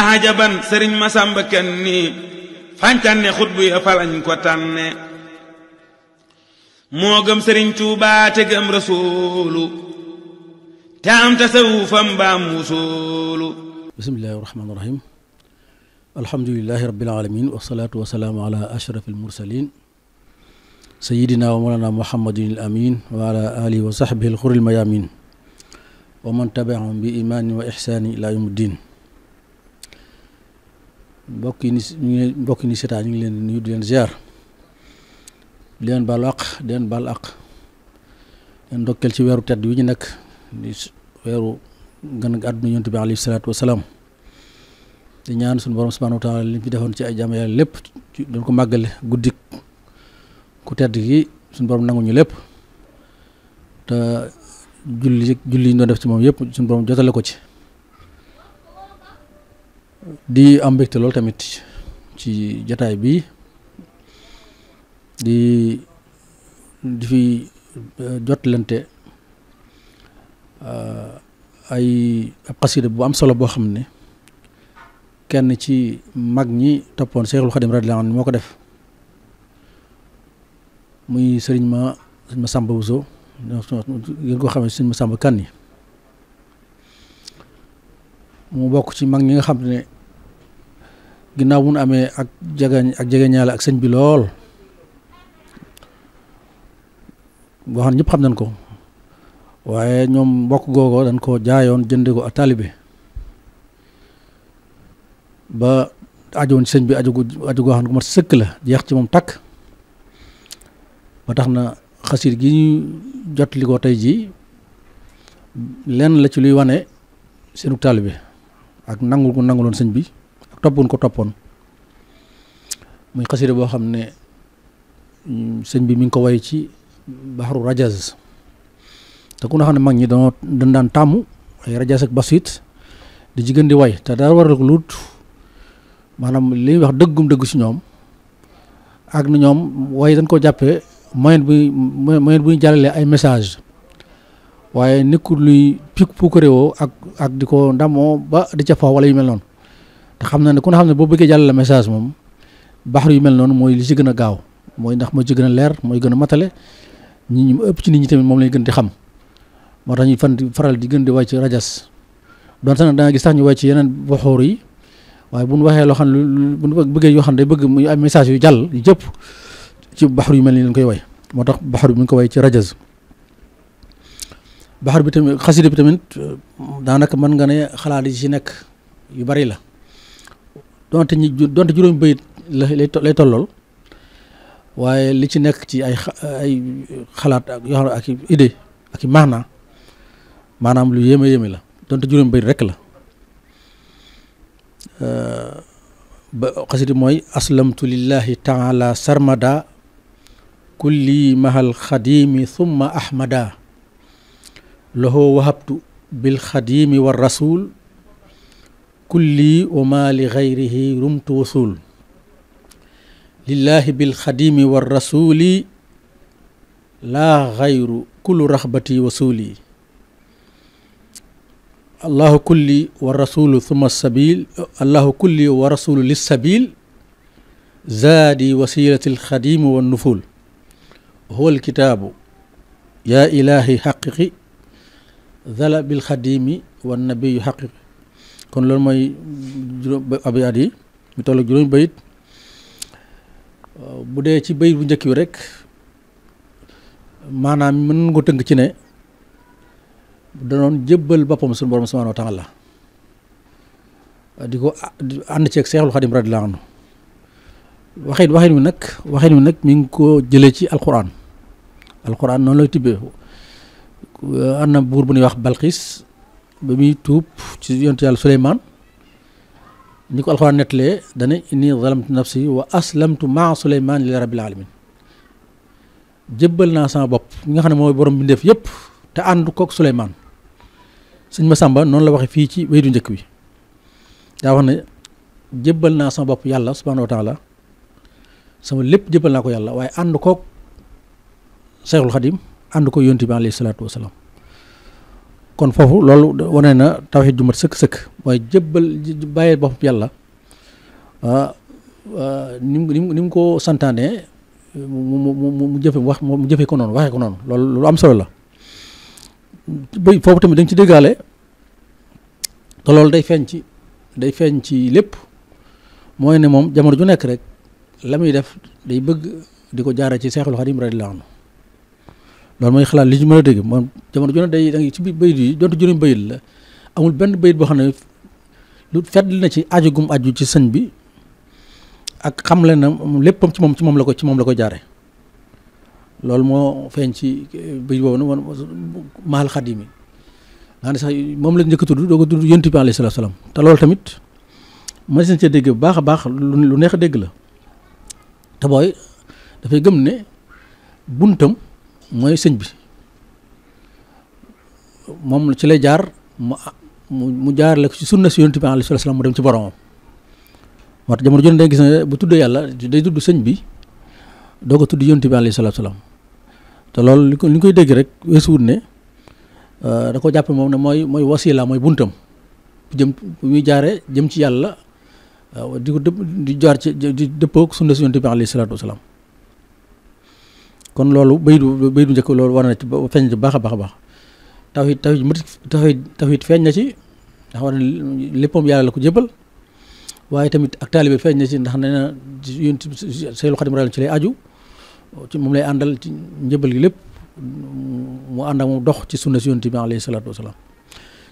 ahajaban sëriñ masamba kenn nii fañtanne xutbu ya falañ ko tànne moo gëm sëriñ tuubaa te gëm rasuulu te am tasawufam baam wusuulu bismillahi rahmaani rahim alhamdulilahi rabbil alamin wasalaatu wasalaamu ala ashraf almursalin sayidina wa molana muhammadin al amin wa ala alihi wa sahbihi alxuril mayamin wa man tabiahum bi imaanin wa ixsaanin ila yawmi ddin mbokk ni mbokk ni ñu leen ñu di leen ziar di leen baal àq leen baal àq leen ndokkeel ci weeru tedd wi ñu nekk di weeru gën ak àdduna yonent bi alayhi salaatu wa di ñaan suñu borom subhaanahu wa taala li defoon ci ay ko guddik ku tedd gi suñu borom te julli di am mbégte lool tamit ci jataay bi di di fi euh, jotlante euh, ay ab xasida bu am solo boo xam ne kenn ci mag ñi toppoon Seexul Xadim radiyallaahu anhu moo ko def muy sëriñ ma sëriñ ma Sàmba so ngeen ko xamee sëriñ ma Sàmba Kan yi mu bokk ci mag ñi nga xam ne ginnaaw mun amee ak jegeñ ak jegeñaale ak sëñ bi lool boo xam ne xam nañ ko waaye ñoom mbokk googo dañ ko jaayoon jënde ko ak taalibe ba ajowoon sëñ bi aju aju goo xam gu mat sëkk la jeex ci moom takk ba tax na xasir gi ñu jot li ko tey jii lenn la ci luy wane seenu taalibe ak nangul ko nanguloon sëñ bi ak toppoon ko toppoon muy xasida boo xam ne mm, sëñ bi mi ngi ko way ci baxaru rajaz te ku nga xam ne mag ñi dañoo dañ daan tàmm ay rajaz ak basit di jigéen di way te daa war a luut maanaam li ñuy wax dëggum dëgg ci ñoom ak na ñoom way dañ koo jàppee moyen bu moyen bu ñu ay message waaye nekkul luy pik puukaréwoo ak ak di ko ndamoo ba di ca faaw wala yu mel noonu te xam na ne ku ne xam ne boo bëggee jàllale message moom baxaru yu mel noonu mooy li ci gën a gaaw mooy ndax moo ci gën a leer mooy gën a matale ñi ñu ëpp ci nit ñi tamit moom lañ gën di xam moo tax ñu fan faral di gën di wàcc rajas doon sax nag da nga gis tax ñu ci yeneen waxoor yi waaye bu ñu waxee loo xam ne bu ñu bëggee yoo xam ne day bëgg mu ay message yu jàll yu jëpp ci baxaru yu mel ni lañ koy way moo tax baxaru mi ngi ko way ci rajas bahar bi tamit xasida bi tamit eh, danaka man nga ne xalaat yi ci nek yu bari la donte ni donte juroom bayit lay tollool waye li ci nek ci ay ay khalaat ak yo ak ide ak i manam lu yema yemi la donte juroom bayit rek la eh, ba xasida moy aslamtu lillahi taala sarmada kulli mahal khadimi thumma ahmada له وهبت بالخديم والرسول كلي وما لغيره رمت وصول لله بالخديم والرسول لا غير كل رغبتي وصولي الله كلي والرسول ثم السبيل الله كلي ورسول للسبيل زادي وسيلة الخديم والنفول هو الكتاب يا إلهي حققي zala bil xadimi wa nabiyu xaqiq kon loolu mooy juróom abiyaat yi mu toll juróomi bayit bu dee ci bayit bu njëkk bi rek maanaam mën nga ko tënk ci ne danoon jébbal boppam suñu borom subhanahu wa taala di ko ànd ceeg seexul xadim radiyallahu anhu waxin waxin wi nag waxin wi nag mi ngi ko jëlee ci alquran alquran noonu lay tibbee أنا بور بني واخ بلقيس بمي توب تزيون تيال سليمان نيكو القرآن نتلي داني إني ظلمت نفسي وأسلمت مع سليمان لرب العالمين جبلنا سان باب نيكو خانا موي بورم بندف يب تأند كوك سليمان سن ما سامبا نون لا واخي في تي ويدو نجكوي دا واخ ني جبلنا سان باب يالا سبحانه وتعالى سما ليب جبلنا كو يالا واي اند كوك شيخ الخديم ànd ko yonti bi alayhi salaatu wasalaam kon foofu loolu wane na tawxiid ju mat sëkk-sëkk mooy jëbbal bàyyee bopp yàlla ah, ah, ni nim ko santaane mu mu mu jëfe wax mu jëfe ko noonu waxee ko noonu loolu lu am solo la ba foofu tamit dañ ci déggaale te loolu day feeñ ci day feeñ ci lépp mooy ne moom jamono ju nekk rek la muy def day bëgg di ko jaare ci Seexul Xadim radiyallaahu anhu loolu mooy xalaat li ñu mën a dégg moom jamono jone day da ngay ci biir bayit yi donte juróom bayit la amul benn bayit boo xam ne lu fetli na ci aju gum aju ci sëñ bi ak xam le na léppam ci moom ci moom la ko ci moom la ko jaare loolu moo feeñ ci bayit boobu nag maal xadim yi nga ne sax moom la njëkk tudd doo ko tudd yonent bi alayhi salaam te loolu tamit mën nañ cee dégg bu baax a baax lu neex a dégg la te dafay gëm ne buntam mooy sëñ bi moom ci lay jaar mu mu jaarale ko ci sunna si yoon bi alayhi salaam mu dem ci boromam moo tax jamono jone day gis ne bu tuddee yàlla day tudd sëñ bi doo ko tudd yonent bi alayhi salaam te loolu li ko li ñu koy dégg rek weesuwut ne euh, da ko jàpp moom ne mooy mooy wasila mooy buntam bu jëm bu muy jaaree jëm ci yàlla euh, di ko dëpp di jaar ci di dëppoo sunna si yonent bi alayhi salaatu wasalaam kon loolu bay du bay du njëkk loolu war na ci feeñ ci baax a baax taw baax tawhid tawhid mati tawhid tawhid feeñ na ci ndax war na léppam yàlla la ko jébal waaye tamit ak taalibe feeñ na ci ndax nee na yéen Seydou Khadim Rail lay aju moom lay àndal ci njëbal gi lépp mu ànd ak mu dox ci sunna si yoon bi alayhi salaatu wasalaam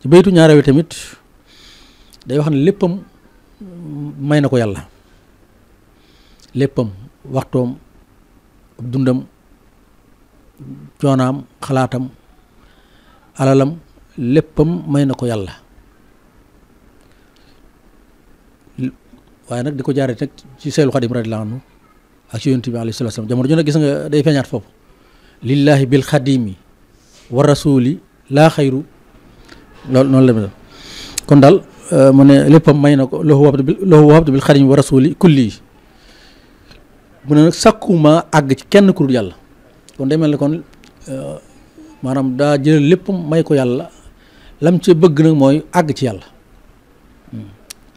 ci baytu ñaareel wi tamit day wax ne léppam may na ko yàlla léppam waxtoom dundam coonaam xalaatam alalam léppam may na ko yàlla waaye nag di ko jaaree nag ci seelu xadim radiyallahu anhu ak ci yonent bi alayhi salaam jamono ju ne gis nga day feeñaat foofu lillaahi bil xadimi wa laa xayru loolu noonu la mel kon daal euh, mu ne léppam may na ko lahu wabtu lahu wabtu bil xadimi wa kulli yi mu ne nag àgg ci kenn ku dul yàlla kon day mel kon euh, manam da jël lepp may ko yalla lam ci bëgg nak moy ag ci yalla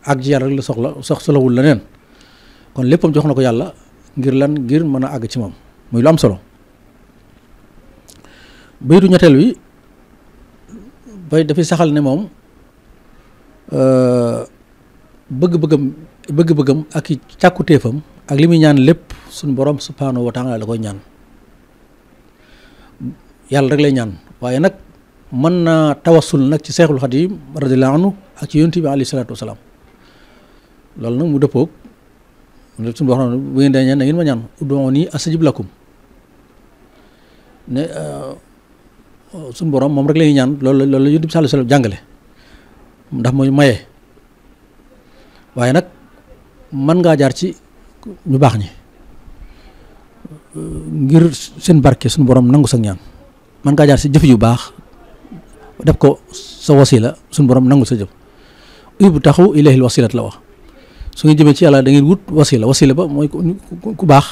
ag hmm. ci yalla rek la soxla sox wul lenen kon leppam jox ko yàlla ngir lan ngir mëna ag ci mom muy lu am solo baytu ñettel wi bay dafay saxal ne euh bëgg-bëggam bëgg-bëggam ak ci càkkutéefam ak limi ñaan lepp suñu borom subhanahu wa taala la koy ñaan yalla rek lay ñaan waye nak man na tawasul nak ci cheikhul khadim radhiyallahu anhu ak ci yonti bi alayhi salaatu wasalaam loolu nak mu deppok mu suñu wax na bu ngeen dañ ñaan ngeen ma ñaan udoni asajib lakum ne euh, sun borom mom rek lay ñaan loolu loolu la sallallahu alayhi wasallam ndax moy maye waye nak man nga jaar ci ñu bax ñi ngir seen barke sun borom nangu ñaan man nga jaar ci jëf yu baax def ko sa wasila sun borom nangul sa jëf ibu taxu ilayhil wasilat la wax su ngeen jëme ci yalla da ngeen wut wasila wasila ba moy ku baax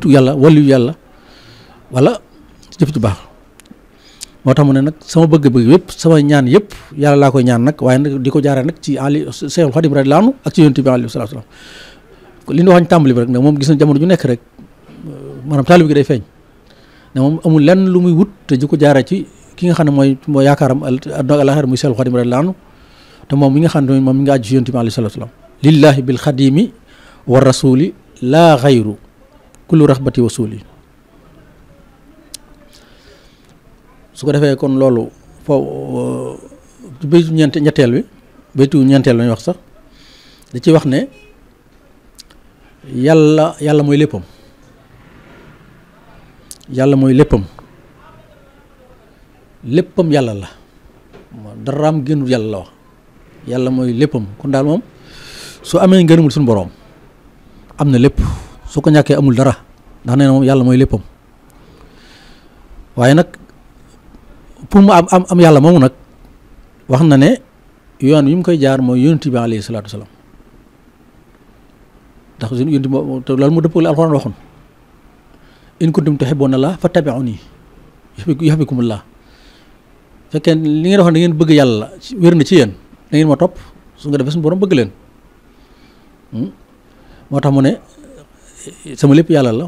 tu yalla waliyu yalla wala jëf ju baax moo tax ne nak sama bëgg-bëgg yépp sama ñaan yépp yalla la koy ñaan nak waye nak diko jaare nak ci ali Seexul khadim radhiyallahu ak ci yunus bi alayhi salaatu wa salaam li ñu waxañ tambali rek mom gis na jamono ju nekk rek manam talib gi day feñ ne mom amul len lu muy wut te jiko jaara ci ki nga xamne moy mo yakaram yaakaaram adduna har musal khadim xadim radiyallahu te mom mi nga xamne mom mi nga aju ci yonent bi alayhi salatu lillahi bil khadimi war rasuli la ghayru kullu rahbati wa suuli su ko defee kon lolu fo uh, baytu ñeent ñetteel bi baytu ñentel lañ wax sax da ci wax ne yalla yalla moy leppam yàlla mooy léppam léppam yàlla la daraam génnul yàlla la wax yàlla mooy léppam kon daal moom su amee ngërëmul suñu boroom am na lépp su ko ñàkkee amul dara ndax nee na moom yàlla mooy léppam waaye nag pour mu am am am yàlla moomu nag wax na ne yoon wi mu koy jaar mooy yonent bi alayhi salaatu wasalaam ndax yonent bi alxuraan waxoon in kuntum tuhibbuna Allah fattabi'uni allah fekkee li ngeen waxone ngeen bëgg yalla wërna ci yeen da ngeen ma top su nga defee suñu borom bëgg leen moo tax mu ne sama lepp yalla la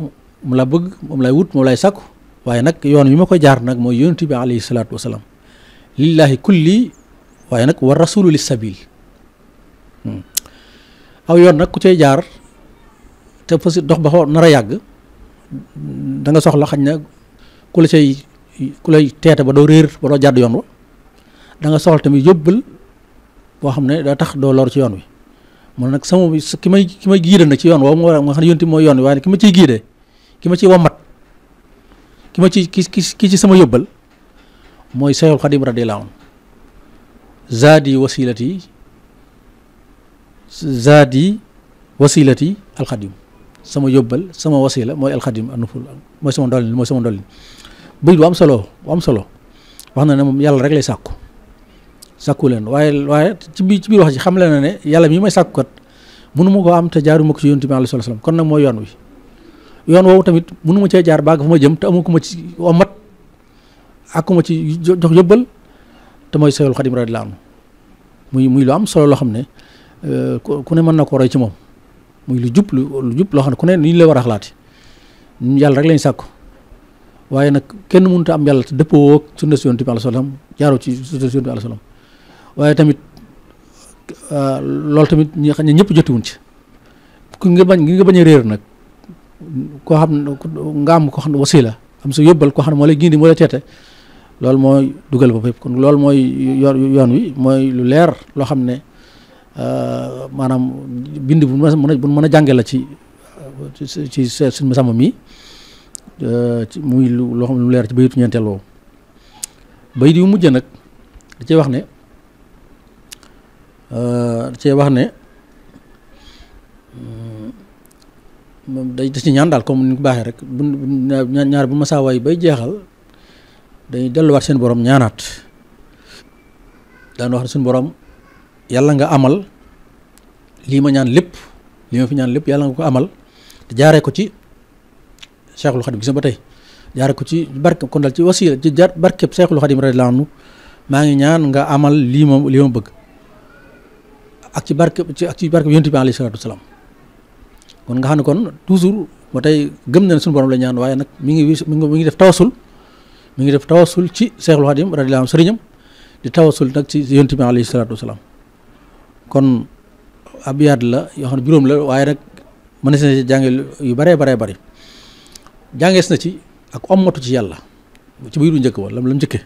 mu la bëgg moom lay wut moom lay sakku waye nak yoon jaar nak tibbi alayhi salatu lillahi kulli waye nak war rasulu lis sabil aw yoon nak ku cay jaar te fasi dox ba nara danga soxla xañ na ku la say ku lay teete ba doo réer ba doo jàdd yoon wa da nga soxla tamit yóbbal boo xam ne daa tax doo lor ci yoon wi moom nag sama ki may ki may giide nag ci yoon woowu moo war nga xam ne yonti mooy yoon wi waaye ki ma ciy giidee ki ma ciy wommat ki ma ci ki ki ci sama yóbbal mooy Seexul Xadim radiyallaahu anhu zaadi wasilati zaadi wasilati alxadim sama yóbbal sama wasila mooy alxadim anuful mooy sama ndollin mooy sama ndollin bëy bu am solo am solo wax na ne moom yàlla rek lay sàkku sàkku leen waaye waaye ci biir ci biir wax ji xam leen na ne yàlla mi may sàkku kat mënu ma koo am te jaaruma ko ci yonent bi kon nag mooy yoon wi yoon woowu tamit mënu ma cee jaar baag fa ma jëm te amu ko ma ci omat ak ma ci jox yóbbal te mooy sayul xadim radiyallaahu muy muy lu am solo loo xam ne euh, ku ne mën na ko roy ci moom. muy lu jup lu jup lo xamne ku ne ni la wara xalat yalla rek lañ sakku waye nak kenn mënut am depo dëppoo sunna sunna yonent sallam jaaro ci sunna sunna yonent sallam waye tamit ah, lol tamit ñi xam ñepp jottu jotiwuñ ci ku nga bañ nga bañ reer nak ko xam ko xam wasila am su yobbal ko xam mo lay gindi mo lay tete lol moy dugal bopp yëpp kon lol moy yoon wi moy lu leer lo xamne ne Eh, manam bind bu mëna bu mëna a la ci ci suñ sama mi eh, muy lo xam lu leer ci bayitu ñentelo woowu bayit yu mujj da ci wax ne eh, da wax ne mm, day da ci ñaan dal comme ni ko baxé rek bu ñaar bu sa way bay jeexal day wat seen borom ñaanat daan wax ne borom yalla nga amal li ma ñaan lima li ma fi ñaan lepp yalla nga ko amal te jaaree ko ci Cheikhul Khadim gis nga ba tey jaaree ko ci barke kon dal ci wasila ci jaar barke Cheikhul Khadim radhiyallahu anhu ma ngi ñaan nga amal lima ma li ma bëgg ak ci barke ci ak ci barke yonent bi alayhi kon nga xam kon toujours ba tey gëm na suñu borom la ñaan waye nak mi ngi mi ngi mi ngi def tawasul mi ngi def tawasul ci Cheikhul Khadim radhiyallahu anhu serignam di tawasul nak ci yonent bi alayhi salaatu kon abyaat la yoo xam ne juróom la waaye nag mënees na ci jànge yu baree baree bari jàngees na ci ak ommatu ci yàlla ci biiru njëkk ba la lam njëkke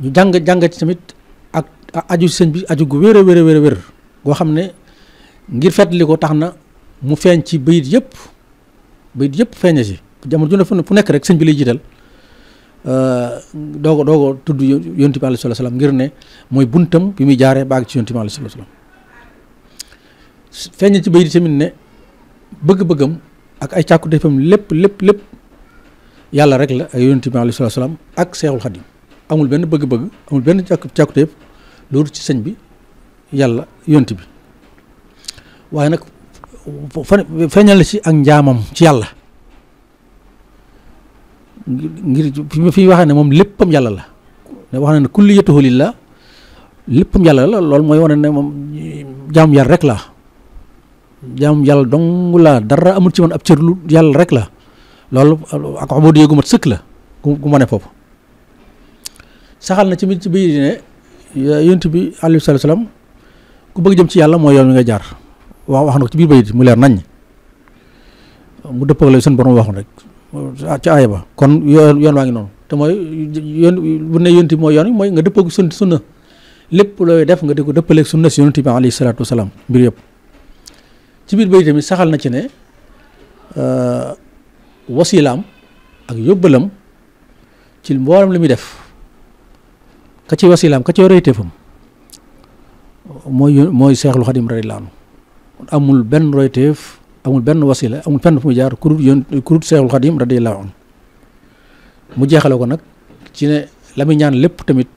ñu jàng jàng ci tamit ak aju sëñ bi aju gu wér a wér a wér goo xam ne ngir fàttali ko tax na mu feeñ ci bayit yëpp bayit yëpp feeña ci jamono ju ne fu nekk rek sëñ bi lay jiital doo ko doo ko tudd yonti bi alayhi salaatu salaam ngir ne mooy buntam bi muy jaaree baag ci yonti bi alayhi salaatu salaam feeñ ci bayit tamit ne bëgg-bëggam ak ay defam lépp lépp lépp yàlla rek la ay yonti bi alayhi salaatu salaam ak seexul xadim amul benn bëgg-bëgg amul benn càkku def loolu ci sëñ bi yàlla yonti bi waaye nag feeñal na ci ak njaamam ci yàlla ngir fi waxa ne mom leppam yalla la ne wax na ne kulliyatuhu lillah leppam yalla la lol moy wonane ne moom jam yàlla rek la jam yalla dong la dara amul ci man ab cerlu yalla rek la lol ak ubudiyya gu mat sëkk la gu ma fofu saxal na ci mit ci bi ne ya, yonent bi alayhi salatu wasalam ku bëgg jëm ci yalla moy yoon nga jaar wa wax na ci bi bayit mu leer nañ mu dëppoo lay sun borom waxu rek ca aaya ba kon yoon yoon waa ngi noonu te mooy yoon bu ne yonent bi mooy yoon mooy nga dëppoo sun sunna lépp looy def nga di ko dëppaleeg si yonent bi alayhi salaatu wasalaam mbir yëpp biir bay saxal na ci ne euh, wasilaam ak yóbbalam ci mboolam li muy def ka ci wasilaam ka ci royteefam mooy mooy seexlu xadim radiyallaahu amul benn royteef amul benn wasila amul fenn fu mu jaar kurut yoon kurut seexul xadim radiyallahu anhu mu jeexale ko nag ci ne la ñaan lépp tamit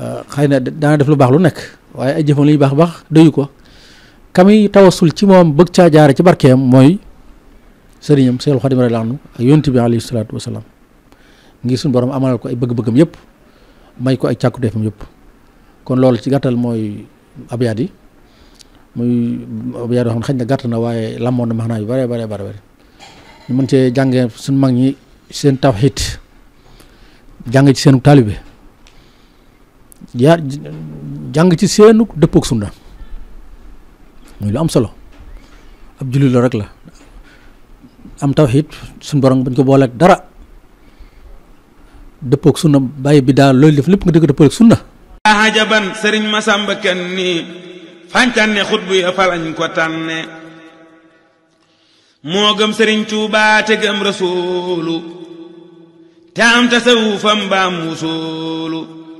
euh, xëy na daana def lu baax lu nekk waaye ay jëfam li ñu baax baax doyu ko kami tawasul ci moom bëgg caa jaare ci barkeem mooy sëriñam seexul xadim radiyallahu ak yonent bi alayhi salaatu wasalaam ngir suñu borom amalal ko ay bëgg-bëggam yëpp may ko ay càkkuteefam yëpp kon loolu ci gàttal mooy abyaat muy weer yoo xam xagn da gatt na waye lamone na maanaa yu bare bare bare bare ñu mën ci jangé sun mag ñi sen tawhid jang ci senu talibé ya jang ci senu dëppoog sunna muy lu am solo ab julli rek la am tawhid sun borom bañ ko bolé dara dëppoog sunna baye bi da loolu def lepp nga deug dëppoog sunna ahajaban serigne masamba kenn fàncanne xutbu ya falañ ko tànne moo gëm sëriñ Tuubaa te gëm rasuulu te am tasawufam baam wusuulu